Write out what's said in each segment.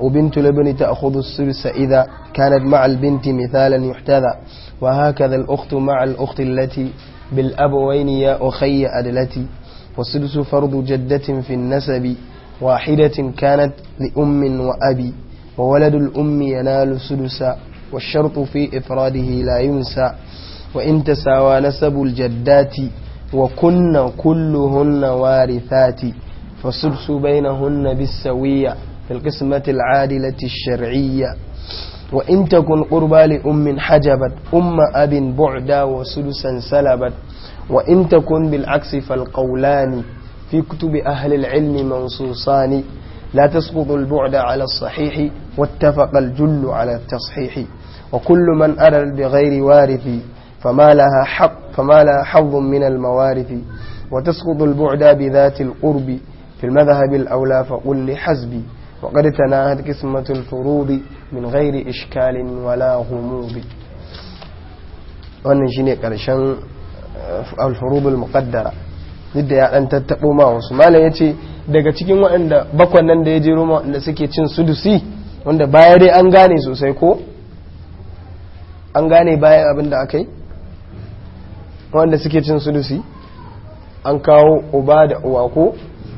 وبنت الابن تأخذ السدس إذا كانت مع البنت مثالا يحتذى وهكذا الأخت مع الأخت التي بالأبوين يا أخي أدلتي والسدس فرض جدة في النسب واحدة كانت لأم وأبي وولد الأم ينال سدسا والشرط في إفراده لا ينسى وإن تساوى نسب الجدات وكن كلهن وارثات فالسدس بينهن بالسوية في القسمة العادلة الشرعية وإن تكن قربا لأم حجبت أم أب بعدا وسدسا سلبت وإن تكن بالعكس فالقولان في كتب أهل العلم منصوصان لا تسقط البعد على الصحيح واتفق الجل على التصحيح وكل من أرى بغير وارث فما لها حق فما لها حظ من الموارث وتسقط البعد بذات القرب في المذهب الأولى فقل لحزبي وقد تناهت قسمة الفروض من غير إشكال ولا غموض wannan shine karshen alfurubul muqaddara yadda ya dan tattabo ma wasu malam yace daga cikin waɗanda bakwan nan da ya jero ma waɗanda suke cin sudusi wanda baya dai an gane sosai ko an gane bayan abin da aka yi waɗanda suke cin sudusi an kawo uba da uwa ko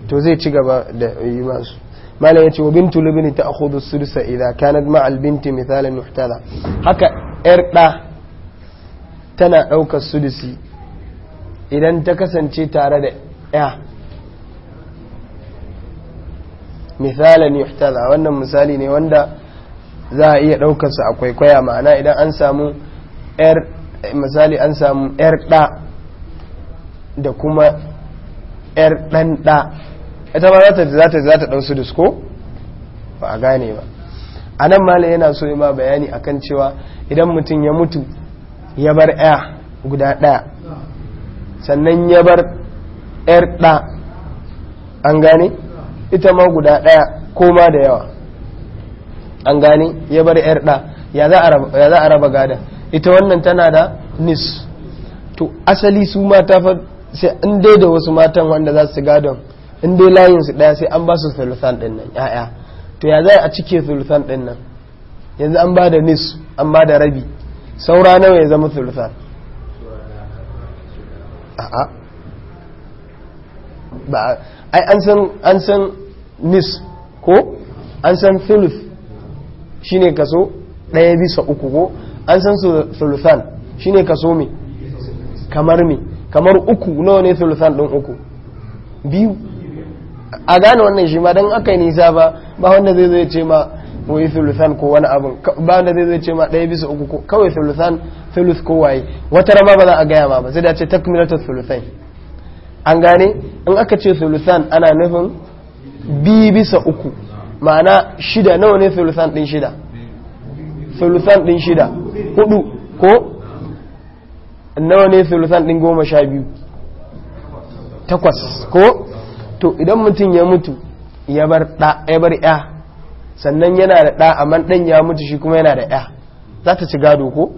to zai ci gaba da yi masu malam ce wa bintu libni ta as-sudsa idha kanat ma'al binti mithalan muhtada haka yar da tana daukar sudusi idan ta kasance tare da ya misalan yuhtada wannan misali ne wanda za a iya ɗaukarsa a kwaikwaya ma'ana idan an samu yar misali an samu yar ɗa da kuma yar ɗan ɗa ita ba za ta za ta dan su ko ba a gane ba a nan malai yana so ma bayani akan cewa idan mutum ya mutu ya bar ɗaya guda ɗaya sannan ya bar ‘yar ɗa an gane ita ma guda ɗaya koma da yawa an gane ya bar ‘yar ɗa ya za a raba gada ita wannan tana da nis to asali su mata sai in dai da wasu matan wanda za su gadon in dai layin su daya sai an ba su thuluthan din nan ya'ya to ya za a cike thuluthan din nan yanzu an ba da nis an ba da rabi saura nawa ya zama thuluthan a'a ba ai an san an san nis ko an san thuluth shine kaso daya bisa uku ko an san thuluthan shine kaso me kamar me kamar uku nawa ne thuluthan din uku biyu a gane wannan shi ma don aka yi nisa ba ba wanda zai zai ce ma wai thuluthan ko wani abin ba wanda zai zai ce ma ɗaya bisa uku kawai thuluthan thuluth ko waye wata rama ba za a gaya ma ba sai da ce takmilatu thuluthan an gane in aka ce thuluthan ana nufin bi bisa uku ma'ana shida nawa ne thuluthan din shida thuluthan din shida hudu ko nawa ne thuluthan din goma sha biyu takwas ko to idan mutum ya mutu ya bar ya sannan yana da ɗa amma ɗan ya mutu shi kuma yana da ɗaya za ta ci gado ko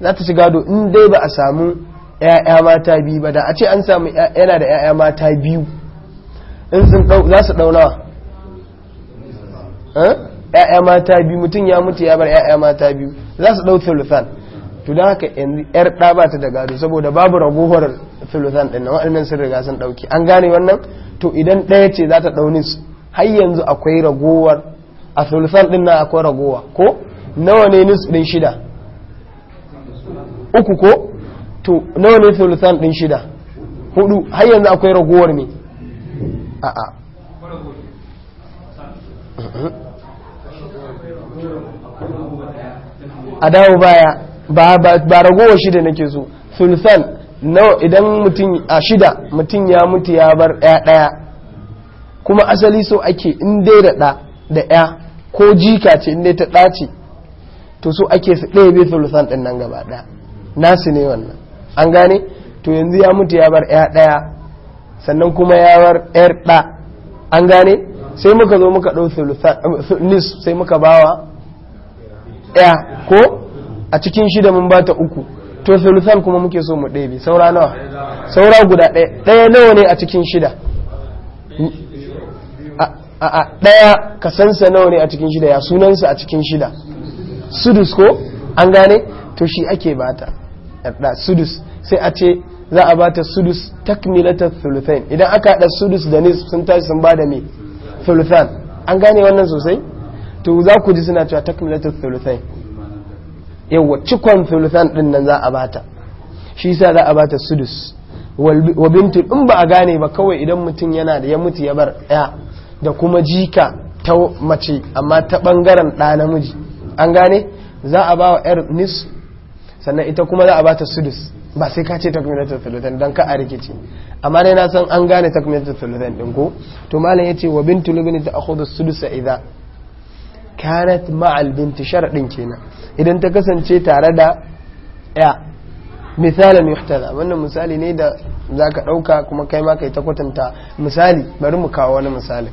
za ta ci gado in dai ba a samu ‘ya'ya mata biyu ba da a ce an samu yana da ‘ya'ya mata biyu in sun ɗau za su ɗaunawa ‘ya'ya eh? mata biyu mutum ya mutu ya bar ‘ya'ya mata biyu za su ɗau thuluthan to da haka yar da ba ta da gado saboda babu ragowar filozan ɗin nan waɗannan sun riga sun ɗauki an gane wannan to idan ɗaya ce za ta ɗauni har yanzu akwai ragowar a filozan ɗin nan akwai ragowa ko nawa ne nis ɗin shida uku ko to nawa ne filozan ɗin shida hudu har yanzu akwai ragowar ne a dawo baya ba ragowa shida nake so sulsan idan mutum a shida mutum ya mutu ya bar ɗaya ɗaya kuma asali so ake in dai da ɗa da ɗaya ko jika ce in dai ta ɗa ce to so ake su ɗaya bai sulsan ɗin nan gaba ɗaya nasu ne wannan an gane to yanzu ya mutu ya bar ɗaya ɗaya sannan kuma ya bar ɗayar ɗa an gane sai muka zo muka ɗau eh, nis sai muka bawa ɗaya ko a cikin shida mun ba ta uku to sulusan kuma muke so mu ɗebe saura nawa saura guda ɗaya ɗaya nawa ne a cikin shida a ɗaya kasansa nawa ne a cikin shida ya sunansa a cikin shida sudus ko an gane to shi ake bata da sudus sai a ce za a ba ta sudus takmilata thuluthain idan aka haɗa sudus da nis sun tashi sun da me thuluthan an gane wannan sosai to za ku ji suna cewa takmilata thuluthain yawa cikon thuluthan din nan za a bata shi sa za a bata sudus wa bintu in ba a gane ba kawai idan mutum yana da ya mutu ya bar ɗaya da kuma jika ta mace amma ta ɓangaren ɗa namiji an gane za a ba wa yar nis sannan ita kuma za a bata sudus ba sai ka ce takminatul thulutan dan ka a rikici amma dai na san an gane takminatul thulutan din ko to malam yace wa bintu lubini ta da sudusa idza kanat ma'al binti sharadin kenan idan ta kasance tare da ya misalan yuhtada wannan misali ne da zaka ɗauka kuma kai ma kai ta kwatanta misali bari mu kawo wani misali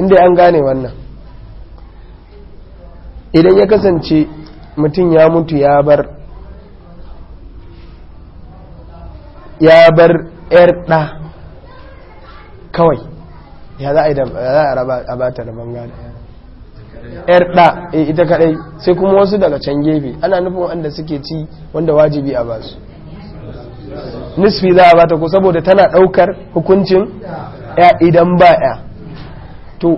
inda an gane wannan idan ya kasance mutum ya mutu ya bar ya yar ɗa kawai a a bata da bangada yar da eh, ita kaɗai sai kuma wasu daga can gefe ana nufin wanda suke ci wanda wajibi a basu nisfi za a bata ko saboda tana ɗaukar hukuncin ya idan ba ya to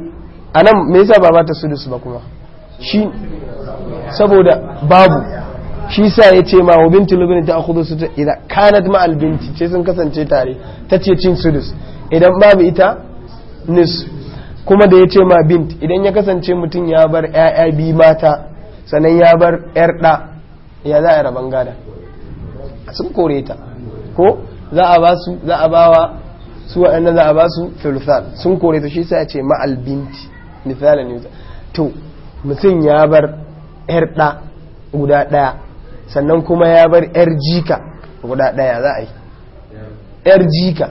anan me yasa ba bata sudus ba kuma shi saboda babu shi sa ya ce ma wa binti lubin ta akhudhu su idan kanat ma al ce sun kasance tare ta ce cin sudus idan babu ita nisfi kuma da ya ce ma bint idan ya kasance mutum ya bar 'ya'ya bi mata sannan ya bar 'yar da ya za a raban gada sun kore ta ko za a ba su za a ba wa su waɗanda za a ba su filthal sun kore ta shi sai a ce ma'al bint misalin ne to mutum ya bar 'yar da guda ɗaya sannan kuma ya bar 'yar jika guda ɗaya za a yi 'yar jika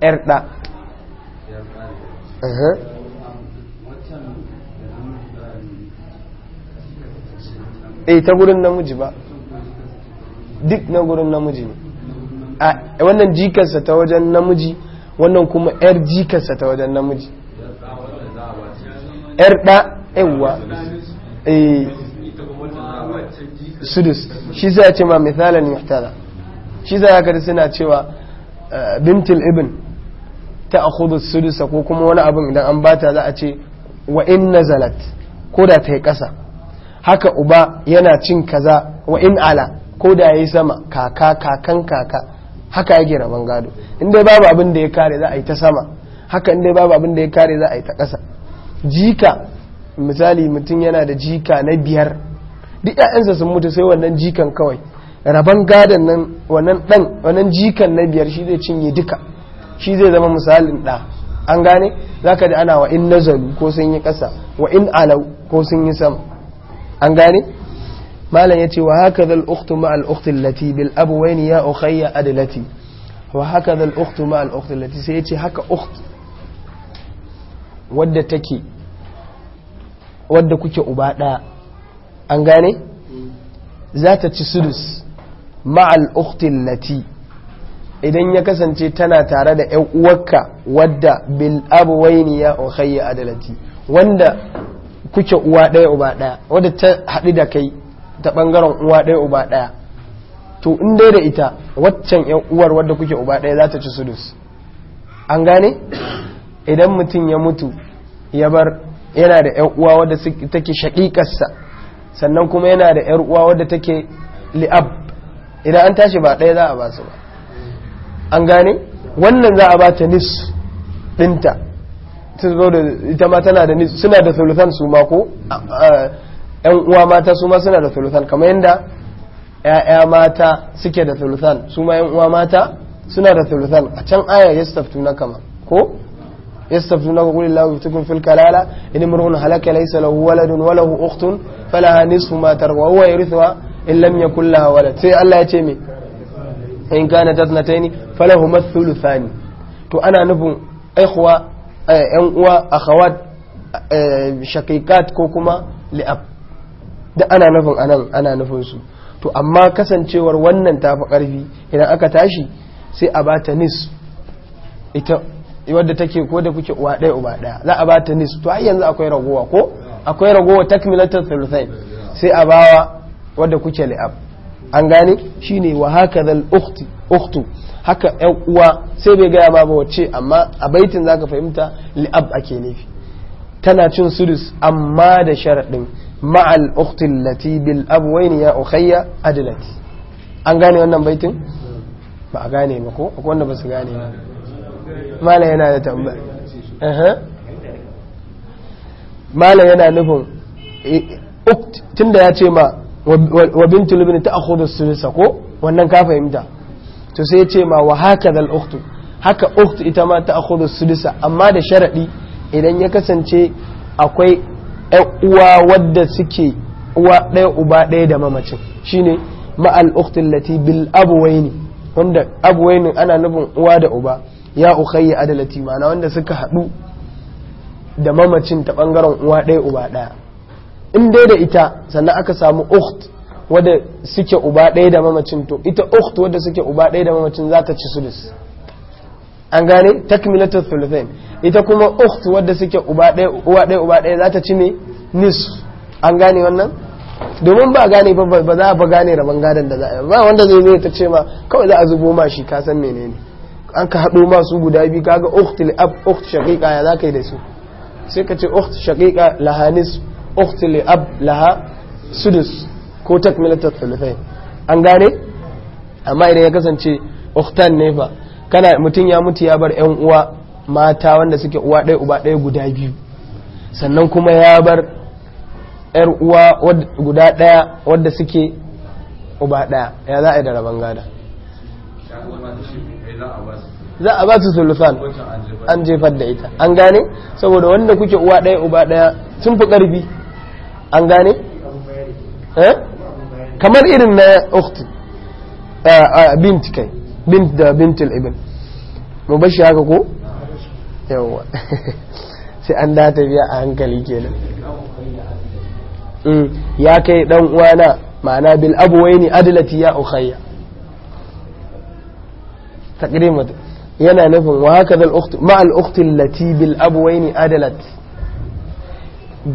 'yar da eh ta gurin namiji ba duk na gurin namiji ne a wannan jikarsa ta wajen namiji wannan kuma yar jikarsa ta wajen namiji yar ɗa yawa eh sudus shi zai ce ma misalin muhtala shi zai haka suna cewa eh, bintul ibn ta akhudhu sulusa ko kuma wani abin idan an bata za a ce wa in nazalat ko da ta yi ƙasa haka uba yana cin kaza wa in ala ko da ya yi sama kaka kakan kaka haka yake rabon gado in dai babu abin da ya kare za a yi ta sama haka in dai babu abin da ya kare za a yi ta ƙasa jika misali mutum yana da jika na biyar duk ƴaƴansa sun mutu sai wannan jikan kawai rabon gadon nan wannan dan wannan jikan na biyar shi zai cinye duka shi zai zama misalin da an gane za ka da ana wa in nazaru ko sun yi kasa wa in alau ko sun yi sama an gane malam ce wa haka zal uktu ma al lati bil abu wani ya ukhayya lati wa haka zal uktu ma al lati sai sai yace haka ukht wadda take wadda kuke uba daya an gane mm. za ta ci sudus ma'al al lati. idan ya kasance tana tare da ‘yan uwarka wadda bil abuwaini ya ohayya adalati wanda kuke uwa ɗaya uba ɗaya wadda ta haɗu da kai ta ɓangaren uwa ɗaya uba ɗaya to in dai da ita waccan ‘yan uwar wadda kuke uba ɗaya za ta ci sudus an gane idan mutum ya mutu ya bar yana da ‘yan uwa wadda take shaƙiƙarsa sannan kuma yana da ‘yan uwa wadda take li'ab idan an tashi ba ɗaya za a ba su ba an gane wannan za a ba ta nis ɗinta ita ma tana da nis suna da thuluthan su ma ko yan uwa mata su ma suna da thuluthan kamar yadda ‘ya'ya mata suke da thuluthan su ma yan uwa mata suna da thuluthan a can aya ya staftu na kama ko ya staftu na kuli lagu tukun fil kalala in imrun halaka laysa lahu waladun wa lahu ukhtun falaha nisfu ma tarwa huwa in lamya yakul laha walad sai Allah ya ce me fa in kana jannataini falahuma thuluthani to ana nufin ikhwa eh, yan uwa hawat eh, shakaikat ko kuma li'ab da ana nufin anan ana nufin su to amma kasancewar wannan tafi karfi idan aka tashi sai a bata nis ita wadda take ko da kuke uwa ɗaya uba ɗaya za a bata nis to har yanzu akwai ragowa ko akwai ragowa takmilatar sulusai sai a bawa wadda kuke li'ab an gane ne wa haka zal uktu haka yan uwa sai bai gaya ma ba wacce amma a baitin za ka fahimta li'ab ake nufi tana cin sudus amma da sharaɗin ma'al uktu lati bil abwayn ya ukhayya adalati an gane wannan baitin ba a gane ba ko akwai wanda ba su gane ba malam yana da tambaya malam yana nufin eh, tunda ya ce ma wa ta ibn ta'khudhu sulisa ko wannan ka fahimta to sai ya ce ma wa haka al uktu haka uktu ita ma ta ta'khudhu sulisa amma da sharaɗi idan ya kasance akwai uwa wadda suke uwa ɗaya uba ɗaya da mamacin shine ma'al uktu lati bil abuwaini wanda abuwaini ana nufin uwa da uba ya ukhayya adalati ma'ana wanda suka haɗu da mamacin ta bangaren uwa ɗaya uba ɗaya in dai da ita sannan aka samu ukht wadda suke uba ɗaya da mamacin to ita ukht wadda suke uba ɗaya da mamacin za ta ci sulis an gane takmilatul thuluthain ita kuma ukht wadda suke uba ɗaya uwa ɗaya uba ɗaya za ta ci ne nis an gane wannan domin ba gane ba ba za ba gane rabon gadon da za a yi ba wanda zai zai ta ce ma kawai za a zubo ma shi ka san menene an ka haɗo ma su guda biyu kaga ukht al shaqiqa ya za ka yi da su sai ka ce ukht shaqiqa lahanis ukhti li ab laha sudus ko takmilatul thuluthain an gane amma idan ya kasance ukhtan ne fa kana mutum ya mutu ya bar yan uwa mata wanda suke uwa ɗaya uba ɗaya guda biyu sannan kuma ya bar yar uwa guda ɗaya wadda suke uba ɗaya ya za a yi da rabon gada za a ba su sulufan an jefar da ita an gane saboda wanda kuke uwa ɗaya uba ɗaya sun fi ƙarfi an gane kamar irin na ukti bint kai bint da bintul ibn mu bashi haka ko yawa sai an da biya a hankali kenan ya kai dan uwana ma'ana bil abwaini adlati ya ukhayya taqrimatu yana nufin wa haka da al'ukti ma'al ukti lati bil abuwaini adalat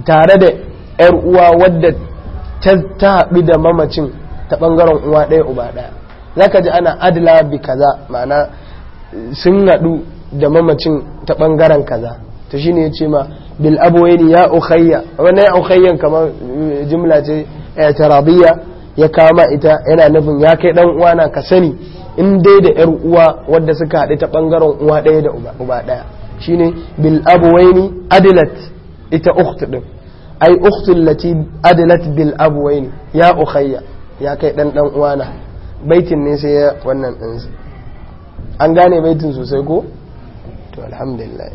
tare da 'yar uwa wadda ta haɓi da mamacin ta ɓangaren uwa ɗaya uba ɗaya za ka ji ana adila bi kaza ma'ana sun haɗu da mamacin ta ɓangaren kaza ta shi ne ya ce ma bil aboyeni ya ukhayya wannan ya ukhayyan kamar eh, jimla ce tarabiyya ya kama ita yana nufin ya kai ɗan uwa na ka sani in dai da yar uwa wadda suka haɗu ta ɓangaren uwa ɗaya da uba ɗaya shi ne bil aboyeni adilat ita ukht ɗin ai ukhtun lati adalat bil abwayn ya ukhayya ya kai dan dan uwana baitin ne sai ya wannan din an gane baitin sosai ko to alhamdulillah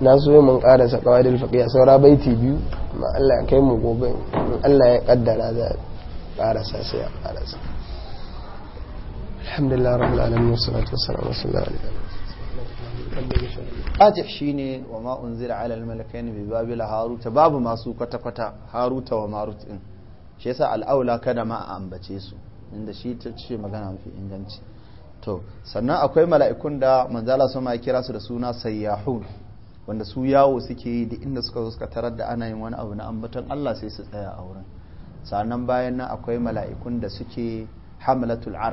na so mun karasa qawadil faqiya saura baiti biyu amma Allah ya kai mu gobe in Allah ya kaddara za karasa sai ya karasa alhamdulillah rabbil alamin wassalatu wassalamu ala shi shine wa ma unzila ala al-malakaini bi haruta babu masu kwata kwata haruta wa marut din shi yasa alaula kada ma a ambace su inda shi ta ce magana mafi inganci to sannan akwai mala'ikun da manzala sama ya kira su da suna sayyahun wanda su yawo suke yi da inda suka zo suka tarar da ana yin wani abu na ambaton Allah sai su tsaya a wurin sannan bayan nan akwai mala'ikun da suke hamlatul